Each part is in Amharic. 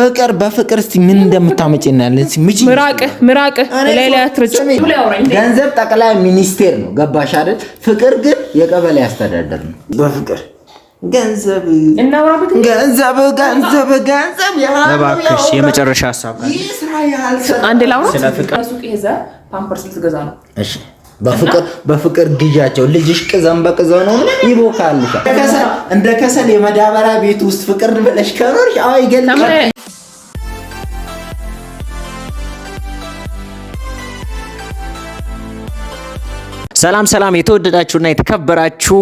ፍቅር በፍቅር እስቲ ምን እንደምታመጭ እናያለን። ገንዘብ ጠቅላይ ሚኒስቴር ነው፣ ገባሽ አይደል? ፍቅር ግን የቀበሌ አስተዳደር ነው። በፍቅር ገንዘብ ገንዘብ ገንዘብ እባክሽ፣ የመጨረሻ ሀሳብ አንድ ላውራ። ስለ ፍቅር ሱቅ ሄዛ ፓምፐርስ ልትገዛ ነው። እሺ በፍቅር ግዣቸው ልጅሽ ቅዘን በቅዘው ነው ይቦካል። እንደ ከሰል የመዳበሪያ ቤት ውስጥ ፍቅር ብለሽ ከኖርሽ አዎ ይገልጣል። ሰላም ሰላም፣ የተወደዳችሁና የተከበራችሁ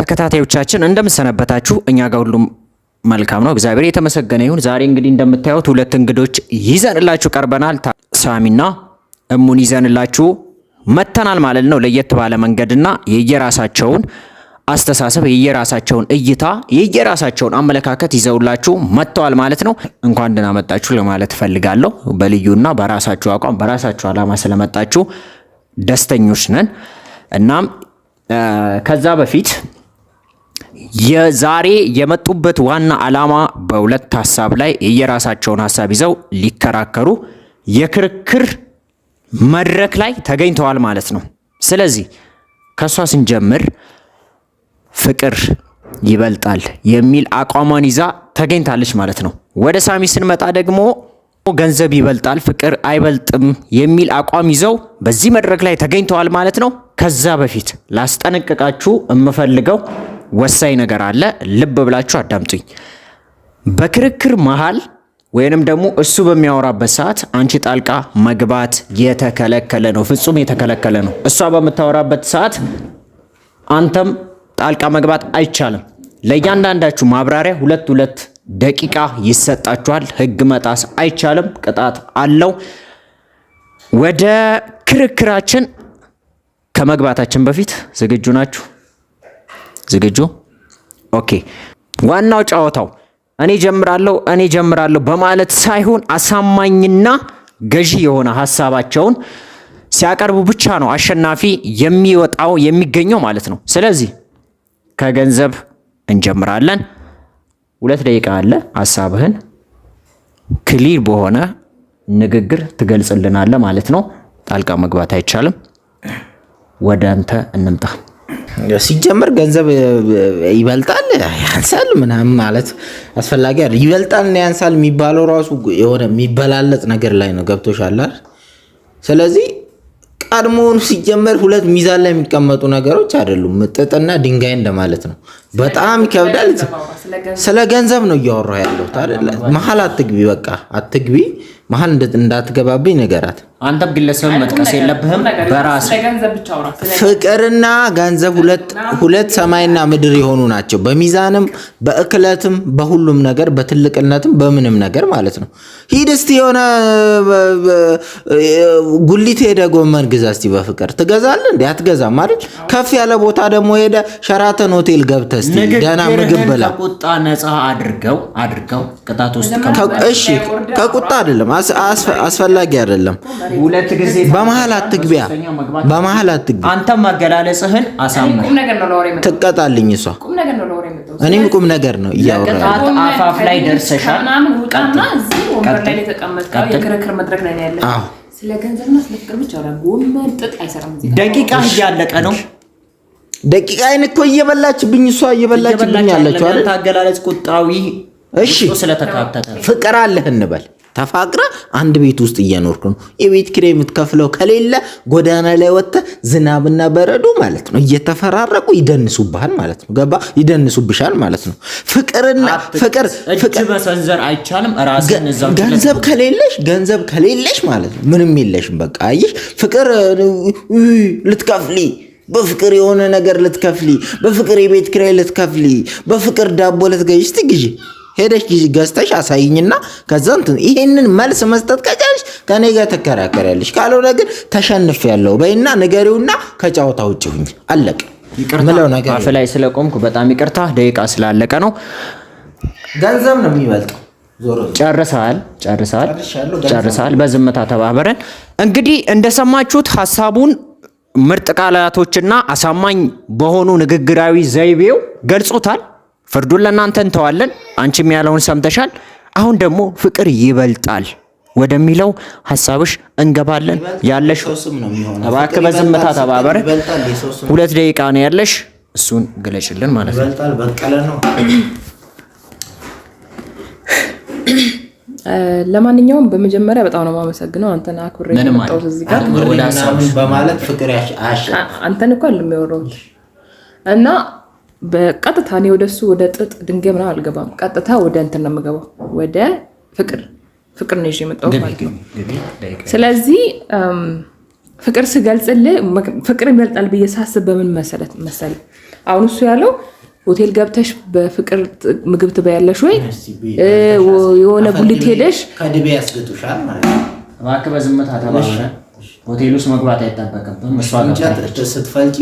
ተከታታዮቻችን እንደምሰነበታችሁ እኛ ጋር ሁሉም መልካም ነው፣ እግዚአብሔር የተመሰገነ ይሁን። ዛሬ እንግዲህ እንደምታዩት ሁለት እንግዶች ይዘንላችሁ ቀርበናል። ሳሚና እሙን ይዘንላችሁ መተናል ማለት ነው። ለየት ባለ መንገድና የየራሳቸውን አስተሳሰብ የየራሳቸውን እይታ የየራሳቸውን አመለካከት ይዘውላችሁ መጥተዋል ማለት ነው። እንኳን ደህና መጣችሁ ለማለት እፈልጋለሁ። በልዩና በራሳችሁ አቋም በራሳችሁ ዓላማ ስለመጣችሁ ደስተኞች ነን። እናም ከዛ በፊት የዛሬ የመጡበት ዋና ዓላማ በሁለት ሀሳብ ላይ የየራሳቸውን ሀሳብ ይዘው ሊከራከሩ የክርክር መድረክ ላይ ተገኝተዋል ማለት ነው። ስለዚህ ከእሷ ስንጀምር ፍቅር ይበልጣል የሚል አቋሟን ይዛ ተገኝታለች ማለት ነው። ወደ ሳሚ ስንመጣ ደግሞ ገንዘብ ይበልጣል ፍቅር አይበልጥም የሚል አቋም ይዘው በዚህ መድረክ ላይ ተገኝተዋል ማለት ነው። ከዛ በፊት ላስጠነቀቃችሁ የምፈልገው ወሳኝ ነገር አለ። ልብ ብላችሁ አዳምጡኝ። በክርክር መሃል ወይንም ደግሞ እሱ በሚያወራበት ሰዓት አንቺ ጣልቃ መግባት የተከለከለ ነው፣ ፍጹም የተከለከለ ነው። እሷ በምታወራበት ሰዓት አንተም ጣልቃ መግባት አይቻልም። ለእያንዳንዳችሁ ማብራሪያ ሁለት ሁለት ደቂቃ ይሰጣችኋል። ህግ መጣስ አይቻልም፣ ቅጣት አለው። ወደ ክርክራችን ከመግባታችን በፊት ዝግጁ ናችሁ? ዝግጁ? ኦኬ። ዋናው ጨዋታው እኔ ጀምራለሁ እኔ ጀምራለሁ በማለት ሳይሆን አሳማኝና ገዢ የሆነ ሀሳባቸውን ሲያቀርቡ ብቻ ነው አሸናፊ የሚወጣው የሚገኘው ማለት ነው። ስለዚህ ከገንዘብ እንጀምራለን። ሁለት ደቂቃ አለ። ሀሳብህን ክሊር በሆነ ንግግር ትገልጽልናለ ማለት ነው። ጣልቃ መግባት አይቻልም። ወደ አንተ እንምጣ። ሲጀመር ገንዘብ ይበልጣል ያንሳል ምናምን ማለት አስፈላጊ አይደል። ይበልጣል እና ያንሳል የሚባለው ራሱ የሆነ የሚበላለጥ ነገር ላይ ነው። ገብቶሻል ስለዚህ ቀድሞውን ሲጀመር ሁለት ሚዛን ላይ የሚቀመጡ ነገሮች አይደሉም። ጥጥና ድንጋይ እንደማለት ነው። በጣም ይከብዳል። ስለ ገንዘብ ነው እያወራ ያለሁት አይደለ። መሀል አትግቢ፣ በቃ አትግቢ። መሀል እንዳትገባብኝ ነገራት። አንተም ግለሰብ መጥቀስ የለብህም። በራስ ፍቅርና ገንዘብ ሁለት ሰማይና ምድር የሆኑ ናቸው። በሚዛንም በእክለትም በሁሉም ነገር በትልቅነትም በምንም ነገር ማለት ነው። ሂድ እስቲ የሆነ ጉሊት ሄደ ጎመን ግዛ እስቲ በፍቅር ትገዛለህ እንዴ? አትገዛም ማለት ከፍ ያለ ቦታ ደግሞ ሄደ ሸራተን ሆቴል ገብተህ እስቲ ደህና ምግብ ብላ ከቁጣ ነፃ አድርገው አድርገው ቅጣት ውስጥ እሺ ከቁጣ አይደለም አስፈላጊ አይደለም። ሁለት ጊዜ በመሀል አትግቢያ፣ በመሀል አትግቢያ። አንተም አገላለጽህን አሳምር። ትቀጣልኝ እሷ። እኔም ቁም ነገር ነው እያወራሁ። አፋፍ ላይ ደርሰሻል። ደቂቃ እያለቀ ነው። ደቂቃ አይን እኮ እየበላችብኝ እሷ እየበላችብኝ ያለችው አይደል? አገላለጽ ቁጣዊ እሺ፣ ስለተካተተ ፍቅር አለህ እንበል ተፋቅረ አንድ ቤት ውስጥ እየኖርክ ነው። የቤት ኪራይ የምትከፍለው ከሌለ ጎዳና ላይ ወጥተ ዝናብና በረዶ ማለት ነው እየተፈራረቁ ይደንሱብሃል ማለት ነው። ገባ ይደንሱብሻል ማለት ነው። ፍቅርና ፍቅር መሰንዘር አይቻልም። ገንዘብ ከሌለሽ ገንዘብ ከሌለሽ ማለት ነው ምንም የለሽም። በቃ አየሽ፣ ፍቅር ልትከፍሊ በፍቅር የሆነ ነገር ልትከፍሊ፣ በፍቅር የቤት ኪራይ ልትከፍሊ፣ በፍቅር ዳቦ ልትገዥ ስትግዢ ሄደሽ ገዝተሽ አሳይኝና ከዛ እንትን ይሄንን መልስ መስጠት ከቻልሽ ከኔ ጋር ትከራከሪያለሽ። ካልሆነ ግን ተሸንፍ ያለው በይና ንገሪውና ከጨዋታ ውጭ ሁኝ። አለቀ። ምለው ነገር አፍ ላይ ስለቆምኩ በጣም ይቅርታ። ደቂቃ ስላለቀ ነው። ገንዘብ ነው የሚበልጠው። ጨርሰሃል፣ ጨርሰሃል፣ ጨርሰሃል። በዝምታ ተባበረን። እንግዲህ እንደሰማችሁት ሀሳቡን ምርጥ ቃላቶችና አሳማኝ በሆኑ ንግግራዊ ዘይቤው ገልጾታል። ፍርዱን ለእናንተ እንተዋለን። አንቺም ያለውን ሰምተሻል። አሁን ደግሞ ፍቅር ይበልጣል ወደሚለው ሀሳብሽ እንገባለን። ያለሽ እባክህ በዝምታ ተባበረ። ሁለት ደቂቃ ነው ያለሽ፣ እሱን ግለጭልን ማለት ነው። ለማንኛውም በመጀመሪያ በጣም ነው የማመሰግነው አንተን አክብሬ የመጣሁት እዚህ ጋር አንተን እኮ የሚያወራሁት እና በቀጥታ እኔ ወደሱ ወደ ጥጥ ድንጋይ ምናምን አልገባም። ቀጥታ ወደ እንትን ነው የምገባው፣ ወደ ፍቅር ፍቅር ነው ይዤ የመጣሁት ማለት ነው። ስለዚህ ፍቅር ስገልጽልህ ፍቅር ይበልጣል ብዬ ሳስብ በምን መሰለት መሰለህ፣ አሁን እሱ ያለው ሆቴል ገብተሽ በፍቅር ምግብ ትበያለሽ ወይ የሆነ ጉልት ሄደሽ ከድቤ ያስገጡሻል ማለት ነው። ሆቴል ውስጥ መግባት አይጠበቅም። ስትፈልቂ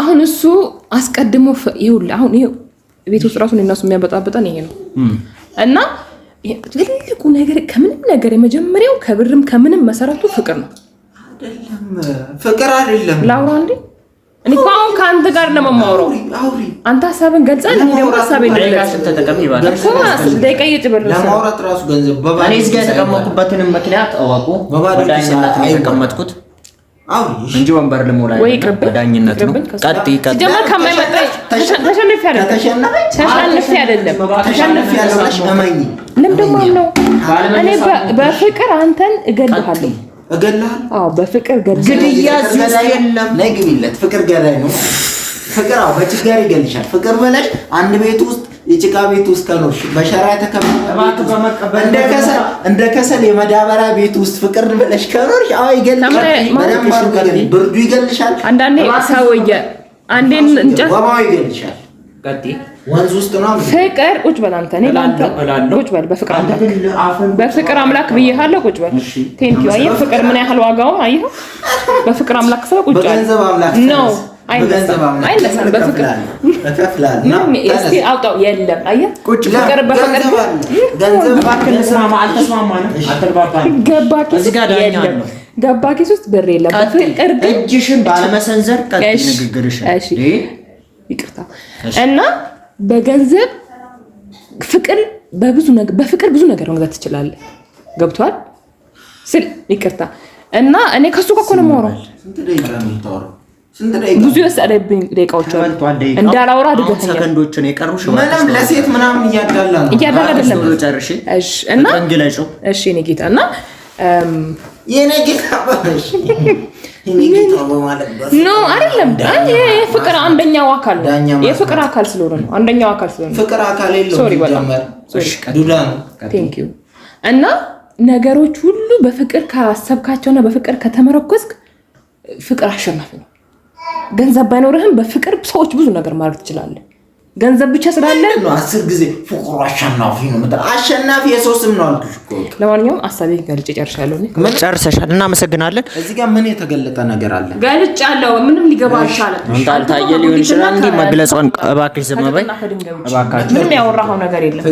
አሁን እሱ አስቀድሞ ይኸውልህ፣ አሁን ቤት ውስጥ ራሱን እናሱ የሚያበጣበጠን ይሄ ነው እና ትልቁ ነገር ከምንም ነገር የመጀመሪያው ከብርም ከምንም መሰረቱ ፍቅር ነው። ፍቅር አይደለም ላውራ እንዴ እኔ እኮ አሁን ከአንተ ጋር ለመማውረው አንተ ሀሳብን ገልጻል። እኔ ደግሞ ሀሳብ እኔ እዚህ ጋር የተቀመጥኩበትንም ምክንያት አወቁ። በዳኝነት ነው የተቀመጥኩት እንጂ ወንበር ልሞላ በዳኝነት ነው። ቀጥይ ተሸንፌ አይደለም። እኔ በፍቅር አንተን እገልሃለሁ እገልሃል። በፍቅር ግድያ የለም። ፍቅር ገዳይ ነው። ፍቅር በችጋር ይገልሻል። ፍቅር አንድ ቤት ውስጥ የጭቃ ቤት ውስጥ ከኖርሽ በሸራ እንደ ከሰል የመዳበሪያ ቤት ውስጥ ፍቅር ብለሽ ከኖርሽ ይገልሻል። ብርዱ ይገልሻል። አንዳንዴ ሰውዬ አንዴን እንጨት ይገልሻል። ፍቅር ቁጭ በል አንተ፣ እኔ ላንተ ቁጭ በል በፍቅር አምላክ በፍቅር አምላክ ብዬሃለሁ። ቁጭ በል ቴንኪው። አየህ ፍቅር ምን ያህል ዋጋውን አየህ። በፍቅር አምላክ ሰው ቁጭ በል በገንዘብ አምላክ ነው የለም በፍቅር ገባ ኪስ ውስጥ ብር የለም። በፍቅር እጅሽን ባለመሰንዘር ቀጥ ንግግርሽ ይቅርታ እና በገንዘብ ፍቅር በብዙ ነገር በፍቅር ብዙ ነገር መግዛት ትችላለህ። ገብቷል ስል ይቅርታ እና እኔ ከሱ ጋር እኮ ነው የማወራው። ብዙ የወሰደብኝ ደቂቃዎች እንዳላወራ አድርገኸኛል። ለሴት ምናምን እያዳላ ነው እያዳላ አይደለም። እና እሺ፣ የእኔ ጌታ እና የእኔ ጌታ ነው አይደለም። የፍቅር አንደኛው አካል ነው። የፍቅር አካል ስለሆነ ነው። አንደኛው አካል ስለሆነ ፍቅር አካል የለውም እና ነገሮች ሁሉ በፍቅር ካሰብካቸውና በፍቅር ከተመረኮዝክ ፍቅር አሸናፊ ነው። ገንዘብ ባይኖርህም በፍቅር ሰዎች ብዙ ነገር ማድረግ ትችላለህ። ገንዘብ ብቻ ስላለ አስር ጊዜ ፍቅሩ አሸናፊ ነው ምታ አሸናፊ የሰው ነው አልኩሽ። ለማንኛውም አሳቤ ገልጬ ጨርሻለሁ። ምን ጨርሰሻል? እናመሰግናለን። እዚህ ጋር ምን የተገለጠ ነገር አለ? ገልጫለሁ። ምንም ሊገባ አልቻለም። እንዳልታየ ሊሆን ይችላል። እንዲህ መግለጿን እባክሽ ዝም በይ። ምንም ያወራኸው ነገር የለም።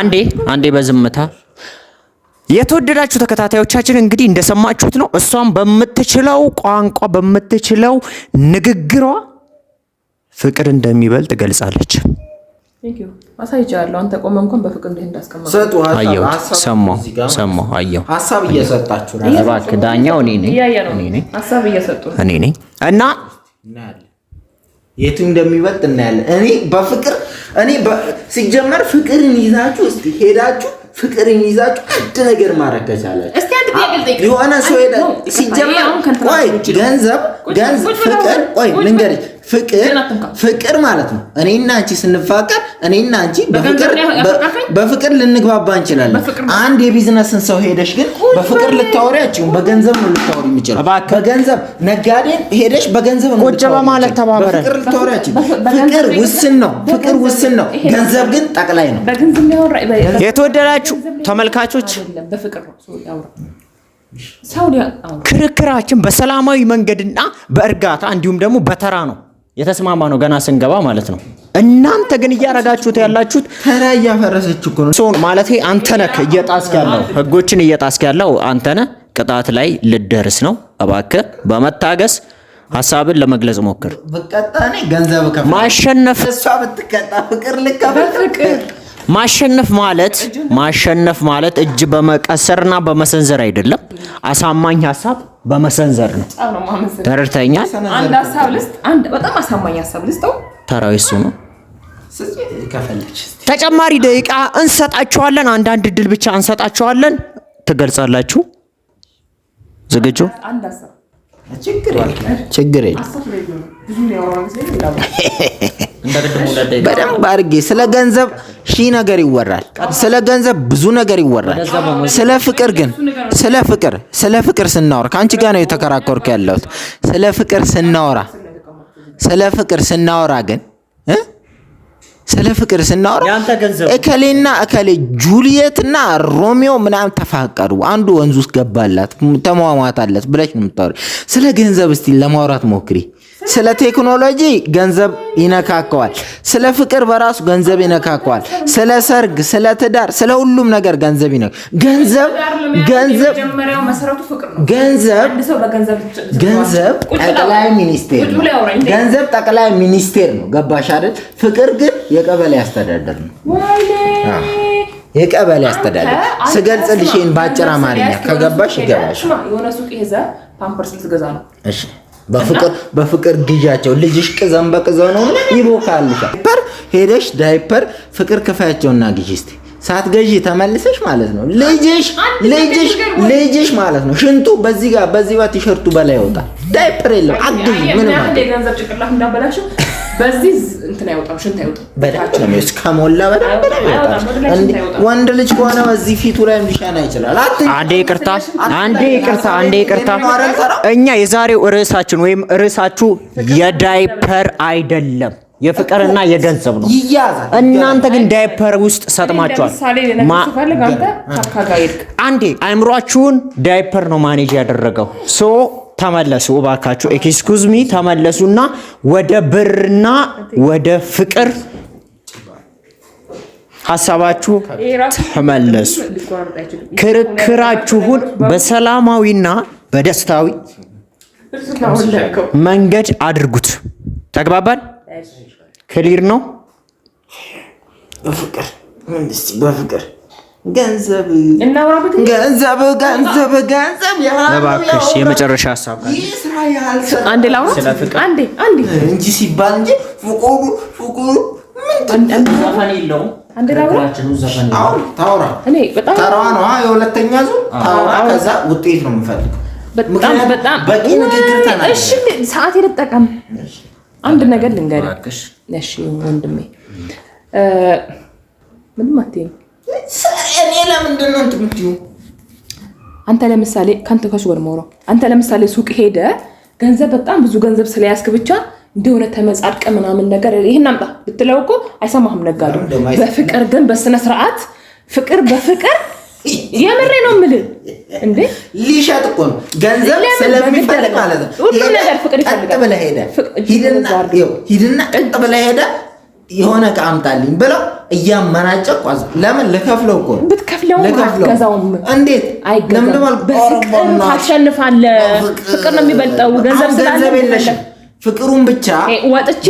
አንዴ አንዴ በዝምታ የተወደዳችሁ ተከታታዮቻችን እንግዲህ እንደሰማችሁት ነው። እሷም በምትችለው ቋንቋ በምትችለው ንግግሯ ፍቅር እንደሚበልጥ ገልጻለች። ሰማሁ፣ አየሁ። እባክህ ዳኛው እኔ ነኝ እና የቱ እንደሚበልጥ እናያለን። እኔ በፍቅር እኔ ሲጀመር ፍቅርን ይዛችሁ እስቲ ሄዳችሁ ፍቅርን ይዛችሁ አንድ ነገር ማድረግ ከቻላችሁ የሆነ ሰው ሲጀመር ቆይ ገንዘብ ገንዘብ ፍቅር ቆይ ልንገርሽ ፍቅር ፍቅር ማለት ነው። እኔና አንቺ ስንፋቀር እኔና አንቺ በፍቅር ልንግባባ እንችላለን። አንድ የቢዝነስን ሰው ሄደሽ ግን በፍቅር ልታወሪ አችሁም በገንዘብ ነው ልታወሪ የሚችለው። በገንዘብ ነጋዴን ሄደሽ በገንዘብ ነው ማለት ተባበረ። ፍቅር ውስን ነው፣ ፍቅር ውስን ነው። ገንዘብ ግን ጠቅላይ ነው። የተወደዳችሁ ተመልካቾች ክርክራችን በሰላማዊ መንገድና በእርጋታ እንዲሁም ደግሞ በተራ ነው። የተስማማ ነው ገና ስንገባ ማለት ነው። እናንተ ግን እያረጋችሁት ያላችሁት ተራ እያፈረሰች እኮ ነው። ማለት አንተ ነህ እየጣስክ ያለው ህጎችን እየጣስክ ያለው አንተ ነህ። ቅጣት ላይ ልደርስ ነው። እባክህ በመታገስ ሀሳብን ለመግለጽ ሞክር። ብቀጣ እኔ ገንዘብ ከፍላለሁ። ማሸነፍ እሷ ብትቀጣ ፍቅር ልከፍል ማሸነፍ ማለት ማሸነፍ ማለት እጅ በመቀሰርና በመሰንዘር አይደለም። አሳማኝ ሀሳብ በመሰንዘር ነው። ተረድተኛል? አንድ ሀሳብ ልስጥ፣ አንድ በጣም አሳማኝ ሀሳብ ልስጠው። ተራው እሱ ነው። ተጨማሪ ደቂቃ እንሰጣችኋለን። አንዳንድ እድል ብቻ እንሰጣችኋለን። ትገልጻላችሁ። ዝግጁ ችግር በደንብ አድርጌ ስለ ገንዘብ ሺህ ነገር ይወራል። ስለ ገንዘብ ብዙ ነገር ይወራል። ስለ ፍቅር ግን ስለ ፍቅር ስለ ፍቅር ስናወራ ከአንቺ ጋር ነው የተከራከርኩ ያለሁት። ስለ ፍቅር ስናወራ ስለ ፍቅር ስናወራ ግን ስለ ፍቅር ስናወራ እከሌና እከሌ ጁልየትና ሮሚዮ ምናምን ተፋቀሩ፣ አንዱ ወንዝ ውስጥ ገባላት፣ ተሟሟታለት ብለሽ ነው የምታወሪው። ስለ ገንዘብ እስቲ ለማውራት ሞክሪ። ስለ ቴክኖሎጂ ገንዘብ ይነካከዋል። ስለ ፍቅር በራሱ ገንዘብ ይነካከዋል። ስለ ሰርግ፣ ስለ ትዳር፣ ስለ ሁሉም ነገር ገንዘብ ይነ ገንዘብ ገንዘብ ገንዘብ ገንዘብ ጠቅላይ ሚኒስቴር ነው። ገንዘብ ጠቅላይ ሚኒስቴር ነው። ገባሽ አይደል? ፍቅር ግን የቀበሌ አስተዳደር ነው። የቀበሌ አስተዳደር ስገልጽልሽን ይሄን በአጭር አማርኛ ከገባሽ ይገባሽ። የሆነ ሱቅ ይዘህ ፓምፐርስ ልትገዛ ነው። እሺ በፍቅር ግዣቸው። ልጅሽ ቅዘን በቅዘኑ ይቦካል። ዳይፐር ሄደሽ ዳይፐር ፍቅር ክፋያቸውና ግዢ እስኪ ሳትገዢ ተመልሰሽ ማለት ነው። ልጅሽ ልጅሽ ልጅሽ ማለት ነው። ሽንቱ በዚህ ጋር በዚህ ቲሸርቱ በላይ ይወጣል። ዳይፐር የለም አግዢ ምንም በዚህ ከሞላ ወንድ ልጅ ከሆነ በዚህ ፊቱ ላይ ሊሻና ይችላል። አንዴ ይቅርታ፣ አንዴ ይቅርታ፣ አንዴ ይቅርታ። እኛ የዛሬው ርዕሳችን ወይም ርዕሳችሁ የዳይፐር አይደለም የፍቅርና የገንዘብ ነው። እናንተ ግን ዳይፐር ውስጥ ሰጥማችኋል። አንዴ አይምሯችሁን ዳይፐር ነው ማኔጅ ያደረገው ሶ ተመለሱ እባካችሁ፣ ኤክስኩዝ ሚ ተመለሱና ወደ ብርና ወደ ፍቅር ሀሳባችሁ ተመለሱ። ክርክራችሁን በሰላማዊና በደስታዊ መንገድ አድርጉት። ተግባባን? ክሊር ነው። በፍቅር ገንዘብ ገንዘብ ገንዘብ ገንዘብ እባክሽ፣ የመጨረሻ ሀሳብ አንድ እንጂ ሲባል እንጂ ፍቁሩ ፍቁሩ አንድ ተራዋ የሁለተኛ ዙር ታውራ። ከዛ ውጤት ነው የምፈልገው። በጣም በቂ ንግግር እሺ አንድ ነገር ልንገርሽ። እሺ ወንድሜ ምንም አትይኝ እኔ ለምንድን ነው እንትን የምትይው? አንተ ለምሳሌ ከአንተ ከሱ ጋር አንተ ለምሳሌ ሱቅ ሄደ ገንዘብ በጣም ብዙ ገንዘብ ስለያዝክ ብቻ እንደሆነ ተመጻድቀ ምናምን ነገር ይህን አምጣ ብትለው እኮ አይሰማህም ነጋዴ። በፍቅር ግን በስነ ስርዓት ፍቅር በፍቅር የምሬ ነው የምልህ። እንዴ ሊሸጥ እኮ ነው ገንዘብ ስለሚፈልግ ማለት ነው። ሁሉም ነገር ፍቅር ይፈልጋል። ሂድና ቀጥ ብለህ ሄደ የሆነ ዕቃ አምጣልኝ ብለው እያመናጨ ቋዝ ለምን ልከፍለው እኮ ብትከፍለው አትገዛውም። እንዴት ታሸንፋለህ። ፍቅር ነው የሚበልጠው ገንዘብ ስላለ ፍቅሩን ብቻ ወጥቼ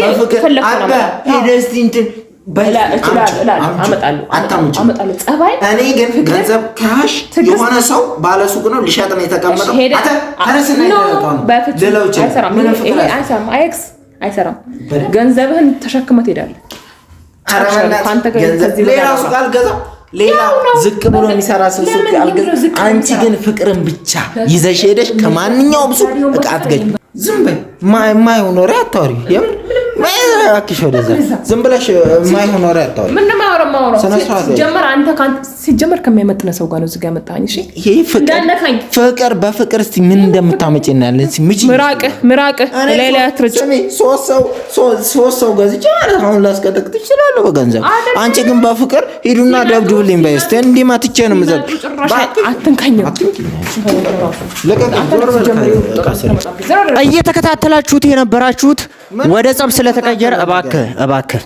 እኔ ግን ገንዘብ ካሽ የሆነ ሰው ባለሱቅ ነው ሊሸጥ ነው የተቀመጠው። ተነስና ነው አይሰራም። ገንዘብህን ተሸክመ ትሄዳለህ። ሌላ ዝቅ ብሎ የሚሰራ ሰው አንቺ ግን ፍቅርን ብቻ ይዘሽ ሄደሽ ከማንኛውም ሰው እቃ አትገኝ። ዝም በይ። የማይሆን ወሬ አታወሪ። እባክሽ ወደዛ ዝም ብለሽ የማይሆን ወሬ አታውሪ። ምን ማውራ ማውራ ሲጀመር አንተ ሲጀመር ከሚያመጥነ ሰው ጋር ነው እዚህ ጋር መጣኝ። እሺ ይሄ ፍቅር ፍቅር በፍቅር እስቲ ምን እንደምታመጪ እናያለን። እስቲ ምጪ ምራቅ ምራቅ ለሌላ አትርጭ። ሶስት ሰው ሶስት ሰው ገዝቼ ማለት አሁን ላስቀጥቅጥ እችላለሁ በገንዘብ። አንቺ ግን በፍቅር ሂዱና ደብድቡልኝ በይ እስቲ። እንዲህ ማትቼ ነው የምዘብ አትንካኝ። እየተከታተላችሁት የነበራችሁት ወደ ጸብ ስለተቀየረ ነገር እባክህ እባክህ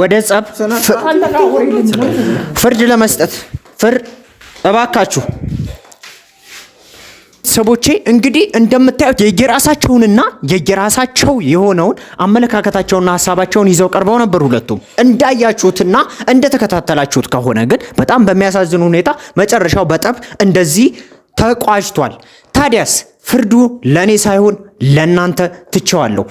ወደ ጸብ ፍርድ ለመስጠት ፍር እባካችሁ ሰቦቼ እንግዲህ እንደምታዩት የየራሳቸውንና የየራሳቸው የሆነውን አመለካከታቸውንና ሀሳባቸውን ይዘው ቀርበው ነበር። ሁለቱም እንዳያችሁትና እንደተከታተላችሁት ከሆነ ግን በጣም በሚያሳዝን ሁኔታ መጨረሻው በጠብ እንደዚህ ተቋጭቷል። ታዲያስ ፍርዱ ለእኔ ሳይሆን ለእናንተ ትቼዋለሁ።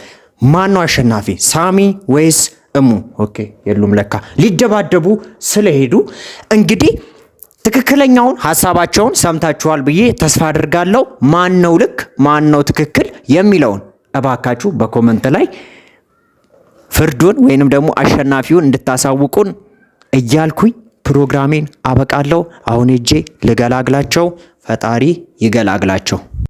ማን ነው አሸናፊ? ሳሚ ወይስ እሙ? ኦኬ የሉም ለካ ሊደባደቡ ስለሄዱ እንግዲህ ትክክለኛውን ሀሳባቸውን ሰምታችኋል ብዬ ተስፋ አድርጋለሁ። ማን ነው ልክ ማን ነው ትክክል የሚለውን እባካችሁ በኮመንት ላይ ፍርዱን ወይንም ደግሞ አሸናፊውን እንድታሳውቁን እያልኩኝ ፕሮግራሜን አበቃለሁ። አሁን እጄ ልገላግላቸው። ፈጣሪ ይገላግላቸው።